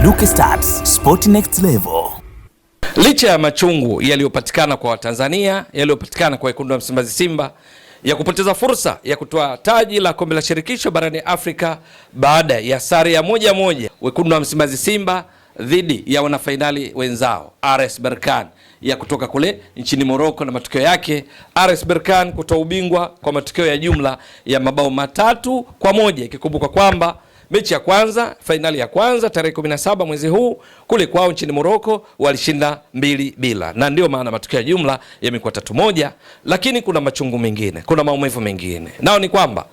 Saluke Stats, Sport Next Level. Licha ya machungu yaliyopatikana kwa Watanzania, yaliyopatikana kwa wekundu wa Msimbazi Simba ya kupoteza fursa ya kutoa taji la kombe la shirikisho barani Afrika baada ya sare ya moja moja wekundu wa Msimbazi Simba dhidi ya wanafainali wenzao RS Berkane ya kutoka kule nchini Morocco, na matokeo yake RS Berkane kutoa ubingwa kwa matokeo ya jumla ya mabao matatu kwa moja ikikumbukwa kwamba mechi ya kwanza, fainali ya kwanza tarehe 17 mwezi huu kule kwao nchini moroko walishinda mbili bila, na ndio maana matokeo ya jumla yamekuwa tatu moja. Lakini kuna machungu mengine, kuna maumivu mengine, nao ni kwamba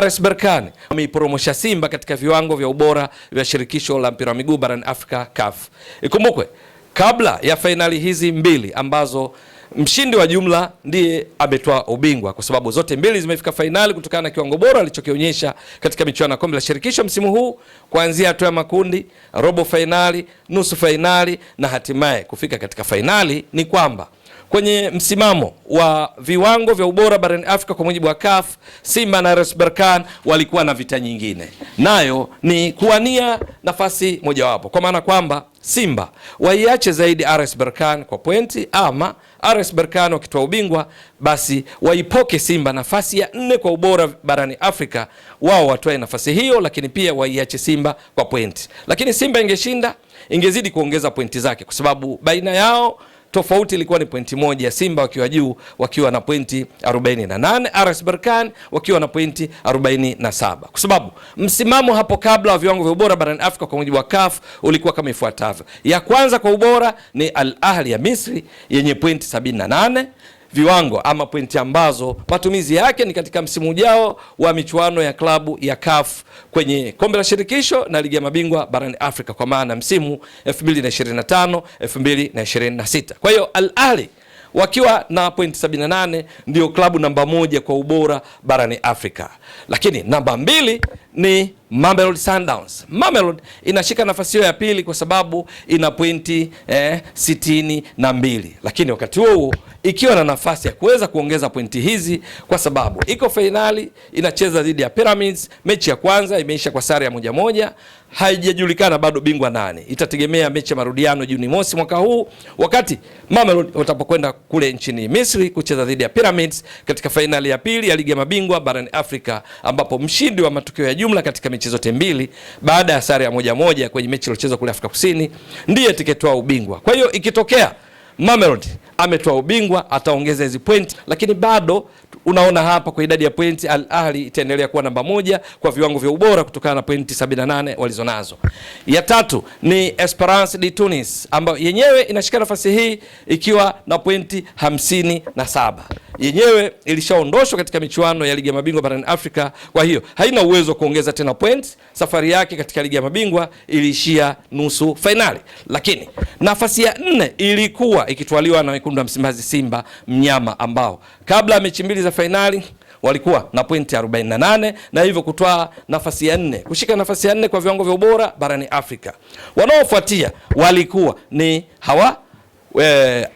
RS Berkane ameiporomosha Simba katika viwango vya ubora vya shirikisho la mpira wa miguu barani Afrika CAF. Ikumbukwe kabla ya fainali hizi mbili ambazo mshindi wa jumla ndiye ametoa ubingwa, kwa sababu zote mbili zimefika fainali kutokana na kiwango bora alichokionyesha katika michuano ya kombe la shirikisho msimu huu, kuanzia hatua ya makundi, robo fainali, nusu fainali na hatimaye kufika katika fainali. Ni kwamba kwenye msimamo wa viwango vya ubora barani Afrika kwa mujibu wa CAF, Simba na RS Berkane walikuwa na vita nyingine, nayo ni kuwania nafasi mojawapo, kwa maana kwamba Simba waiache zaidi RS Berkane kwa pointi, ama RS Berkane wakitoa ubingwa basi waipoke Simba nafasi ya nne kwa ubora barani Afrika, wao watoe nafasi hiyo, lakini pia waiache Simba kwa pointi. Lakini Simba ingeshinda ingezidi kuongeza pointi zake, kwa sababu baina yao tofauti ilikuwa ni pointi moja, Simba wakiwa juu wakiwa na pointi 48, RS Berkane wakiwa na pointi 47, kwa sababu msimamo hapo kabla wa viwango vya ubora barani Afrika kwa mujibu wa CAF ulikuwa kama ifuatavyo: ya kwanza kwa ubora ni Al Ahli ya Misri yenye pointi 78 viwango ama pointi ambazo matumizi yake ni katika msimu ujao wa michuano ya klabu ya CAF kwenye kombe la shirikisho na ligi ya mabingwa barani Afrika kwa maana msimu 2025 2026. Kwa hiyo Al Ahly wakiwa na pointi 78 ndio klabu namba moja kwa ubora barani Afrika, lakini namba mbili ni Mamelodi Sundowns. Mamelodi inashika nafasi hiyo ya pili kwa sababu ina pointi eh, sitini na mbili, lakini wakati huo huo ikiwa na nafasi ya kuweza kuongeza pointi hizi kwa sababu iko fainali inacheza dhidi ya Pyramids. Mechi ya kwanza imeisha kwa sare ya moja moja, haijajulikana bado bingwa nani. Itategemea mechi ya marudiano Juni mosi mwaka huu, wakati Mamelodi watapokwenda kule nchini Misri kucheza dhidi ya Pyramids katika fainali ya pili ya ligi ya mabingwa barani Afrika, ambapo mshindi wa matokeo ya juu jumla katika mechi zote mbili baada ya sare ya moja moja kwenye mechi iliyochezwa kule Afrika Kusini ndiye tiketoa ubingwa. Kwa hiyo ikitokea Mamelodi ametoa ubingwa ataongeza hizi point, lakini bado Unaona hapa kwa idadi ya pointi Al Ahli itaendelea kuwa namba moja kwa viwango vya ubora kutokana na pointi 78 walizonazo. Ya tatu ni Esperance de Tunis ambayo yenyewe inashika nafasi hii ikiwa na pointi 57 yenyewe ilishaondoshwa katika michuano ya ligi ya mabingwa barani Afrika, kwa hiyo haina uwezo wa kuongeza tena points. Safari yake katika ligi ya mabingwa iliishia nusu fainali, lakini nafasi ya nne ilikuwa ikitwaliwa na wekundu wa Msimbazi Simba mnyama ambao kabla ya mechi mbili za fainali walikuwa na pointi 48 na hivyo kutoa nafasi ya nne kushika nafasi ya nne kwa viwango vya ubora barani Afrika. Wanaofuatia walikuwa ni hawa e, eh,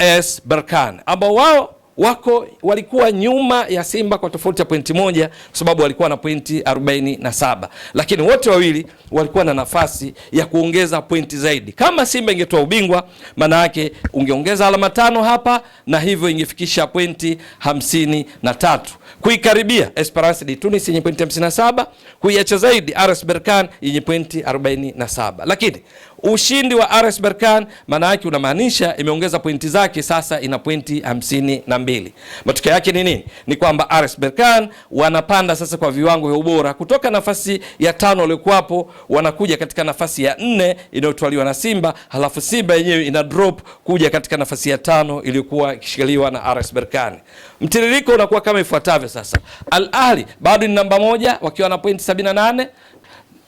RS Berkane ambao wao wako walikuwa nyuma ya Simba kwa tofauti ya pointi moja, kwa sababu walikuwa na pointi 47, lakini wote wawili walikuwa na nafasi ya kuongeza pointi zaidi. Kama Simba ingetoa ubingwa, maana yake ungeongeza alama tano hapa na hivyo ingefikisha pointi 53, kuikaribia Esperance de Tunis yenye pointi 57, kuiacha zaidi RS Berkane yenye pointi 47, lakini Ushindi wa RS Berkane maana yake unamaanisha imeongeza pointi zake, sasa ina pointi hamsini na mbili. Matokeo yake ni nini? Ni kwamba RS Berkane wanapanda sasa kwa viwango vya ubora kutoka nafasi ya tano waliokuwapo wanakuja katika nafasi ya nne inayotwaliwa na Simba, halafu Simba yenyewe ina drop kuja katika nafasi ya tano iliyokuwa ikishikiliwa na RS Berkane. Mtiririko unakuwa kama ifuatavyo sasa. Al Ahli bado ni namba moja wakiwa na pointi 78.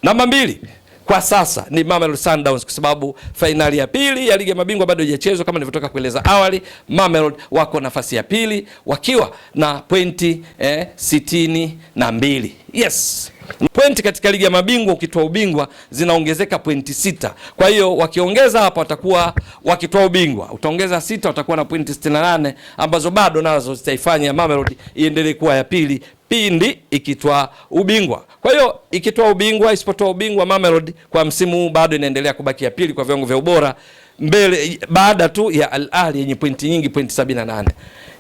Namba mbili kwa sasa ni Mamelodi Sundowns kwa sababu fainali ya pili ya ligi ya mabingwa bado haijachezwa kama nilivyotoka kueleza awali. Mamelodi wako nafasi ya pili wakiwa na pointi eh, sitini na mbili. Yes. Pointi katika ligi ya mabingwa ukitoa ubingwa zinaongezeka pointi sita. Kwa hiyo wakiongeza hapa watakuwa wakitoa ubingwa. Utaongeza sita watakuwa na pointi 68 ambazo bado nazo zitaifanya Mamelodi iendelee kuwa ya pili pindi ikitwa ubingwa. Kwa hiyo ikitwa ubingwa, isipotoa ubingwa, Mamelodi kwa msimu huu bado inaendelea kubaki ya pili kwa viwango vya ubora mbele baada tu ya Al Ahli yenye pointi nyingi, pointi 78.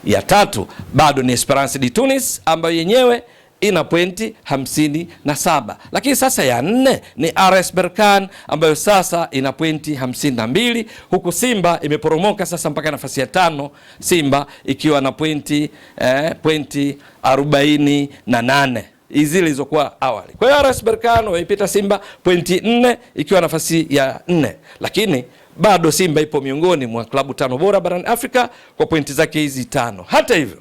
Ya tatu bado ni Esperance de Tunis ambayo yenyewe ina pointi hamsini na saba lakini sasa ya nne ni RS Berkane ambayo sasa ina pointi hamsini na mbili huku Simba imeporomoka sasa mpaka nafasi ya tano, Simba ikiwa na pointi eh, pointi arobaini na nane hizi zilizokuwa awali. Kwa hiyo RS Berkane waipita Simba pointi nne ikiwa nafasi ya nne, lakini bado Simba ipo miongoni mwa klabu tano bora barani Afrika kwa pointi zake hizi tano. Hata hivyo,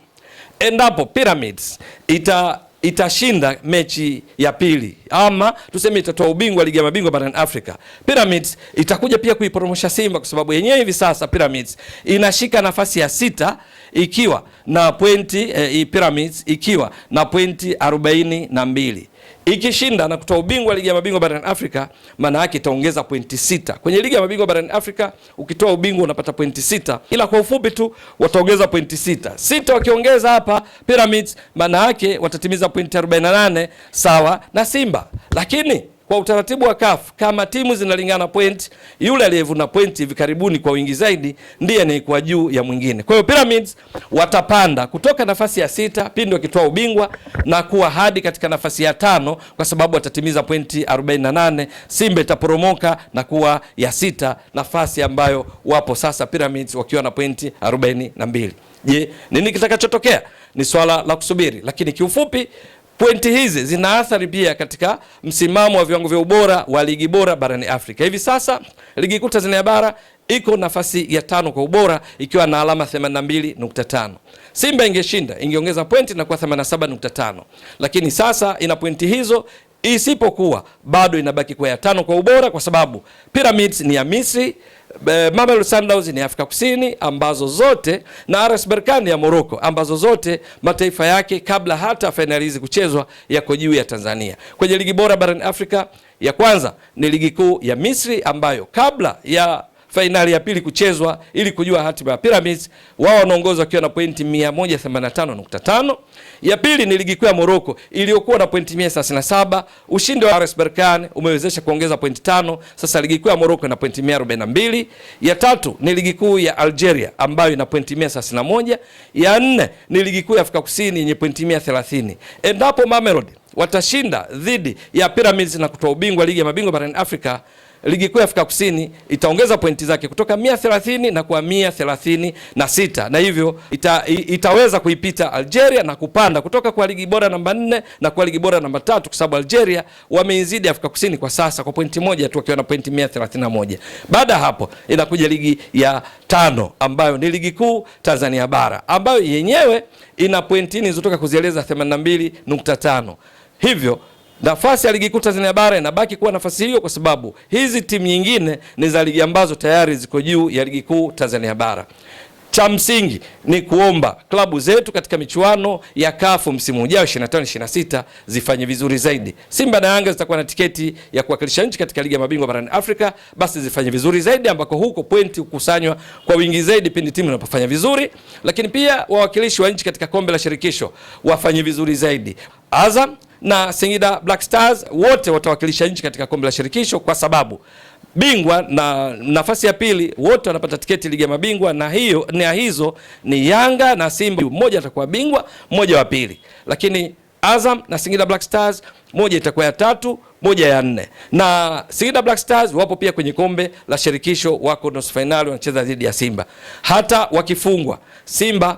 endapo Pyramids ita itashinda mechi ya pili ama tuseme itatoa ubingwa ligi ya mabingwa barani Afrika. Pyramids itakuja pia kuiporomosha Simba kwa sababu yenyewe hivi sasa Pyramids inashika nafasi ya sita ikiwa na pointi eh, Pyramids ikiwa na pointi arobaini na mbili ikishinda na kutoa ubingwa ligi ya mabingwa barani Afrika, maana yake itaongeza pointi sita kwenye ligi ya mabingwa barani Afrika. Ukitoa ubingwa unapata pointi sita, ila kwa ufupi tu wataongeza pointi sita sita. Wakiongeza hapa Pyramids, maana yake watatimiza pointi 48 sawa na Simba, lakini kwa utaratibu wa CAF kama timu zinalingana point, yule aliyevuna point hivi karibuni kwa wingi zaidi ndiye anayekuwa juu ya mwingine. Kwa hiyo Pyramids watapanda kutoka nafasi ya sita pindi wakitoa ubingwa na kuwa hadi katika nafasi ya tano kwa sababu watatimiza pointi 48. Simba itaporomoka na kuwa ya sita, nafasi ambayo wapo sasa Pyramids wakiwa na pointi 42. Je, nini kitakachotokea? Ni swala la kusubiri, lakini kiufupi Pointi hizi zina athari pia katika msimamo wa viwango vya ubora wa ligi bora barani Afrika. Hivi sasa ligi kuu Tanzania bara iko nafasi ya tano kwa ubora ikiwa na alama 82.5. Simba ingeshinda ingeongeza pointi na kuwa 87.5, lakini sasa ina pointi hizo isipokuwa bado inabaki kuwa ya tano kwa ubora kwa sababu Pyramids ni ya Misri eh, Mamelodi Sundowns ni Afrika Kusini ambazo zote na RS Berkane ya Morocco ambazo zote mataifa yake kabla hata fainali hizi kuchezwa yako juu ya Tanzania. Kwenye ligi bora barani Afrika ya kwanza ni ligi kuu ya Misri ambayo kabla ya fainali ya pili kuchezwa ili kujua hatima ya Pyramids. Wao wanaongoza wakiwa na pointi 185.5. Ya pili ni ligi kuu ya Morocco iliyokuwa na pointi 137. Ushindi wa RS Berkane umewezesha kuongeza pointi tano. Sasa ligi kuu ya Morocco ina pointi 142. Ya tatu ni ligi kuu ya Algeria ambayo ina pointi 131. Ya nne ni ligi kuu ya Afrika Kusini yenye pointi 130. Endapo Mamelodi watashinda dhidi ya Pyramids na kutoa ubingwa ligi ya mabingwa barani Afrika ligi kuu ya Afrika Kusini itaongeza pointi zake kutoka 130 na kuwa 136 na hivyo ita, itaweza kuipita Algeria na kupanda kutoka kwa ligi bora namba 4 na kwa ligi bora namba tatu, kwa sababu Algeria wameizidi Afrika Kusini kwa sasa kwa pointi moja tu wakiwa na pointi 131. Baada ya hapo inakuja ligi ya tano ambayo ni ligi kuu Tanzania bara ambayo yenyewe ina pointi nilizotoka kuzieleza 82.5 hivyo nafasi ya ligi kuu Tanzania bara inabaki kuwa nafasi hiyo, kwa sababu hizi timu nyingine ni za ligi ambazo tayari ziko juu ya ligi kuu Tanzania bara. Cha msingi ni kuomba klabu zetu katika michuano ya kafu msimu ujao 25 26 zifanye vizuri zaidi. Simba na Yanga zitakuwa na tiketi ya kuwakilisha nchi katika ligi ya mabingwa barani Afrika, basi zifanye vizuri zaidi, ambako huko pointi hukusanywa kwa wingi zaidi pindi timu inapofanya vizuri. Lakini pia wawakilishi wa nchi katika kombe la shirikisho wafanye vizuri zaidi. Azam na Singida Black Stars wote watawakilisha nchi katika kombe la shirikisho kwa sababu bingwa na nafasi ya pili wote wanapata tiketi ligi ya mabingwa, na hiyo na hizo ni Yanga na Simba. Mmoja atakuwa bingwa, mmoja wa pili, lakini Azam na Singida Black Stars moja itakuwa ya tatu, moja ya nne. Na Singida Black Stars wapo pia kwenye kombe la shirikisho, wako nusu fainali wanacheza dhidi ya Simba. Hata wakifungwa Simba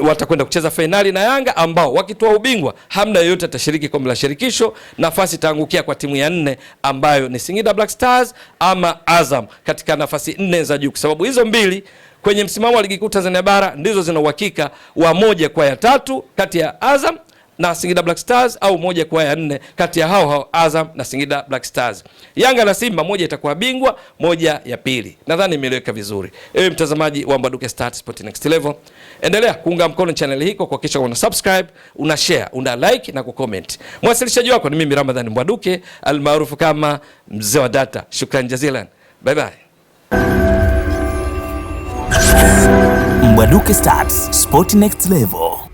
watakwenda kucheza fainali na Yanga ambao wakitoa ubingwa hamna yeyote atashiriki kombe la shirikisho. Nafasi itaangukia kwa timu ya nne ambayo ni Singida Black Stars ama Azam katika nafasi nne za juu, kwa sababu hizo mbili kwenye msimamo wa ligi kuu Tanzania bara ndizo zina uhakika wa moja kwa ya tatu kati ya Azam na Singida Black Stars au moja kwa ya nne kati ya hao hao Azam na Singida Black Stars. Yanga na Simba moja itakuwa bingwa, moja ya pili. Nadhani imeeleweka vizuri. Ewe mtazamaji wa Mbwaduke Stats Sport Next Level, endelea kuunga mkono channel hii kwa kuhakikisha una subscribe, una share, una like na kucomment. Mwasilishaji wako ni mimi Ramadhani Mbwaduke almaarufu kama Mzee wa Data. Shukrani jazilan. Bye bye. Mbwaduke Stats Sport Next Level.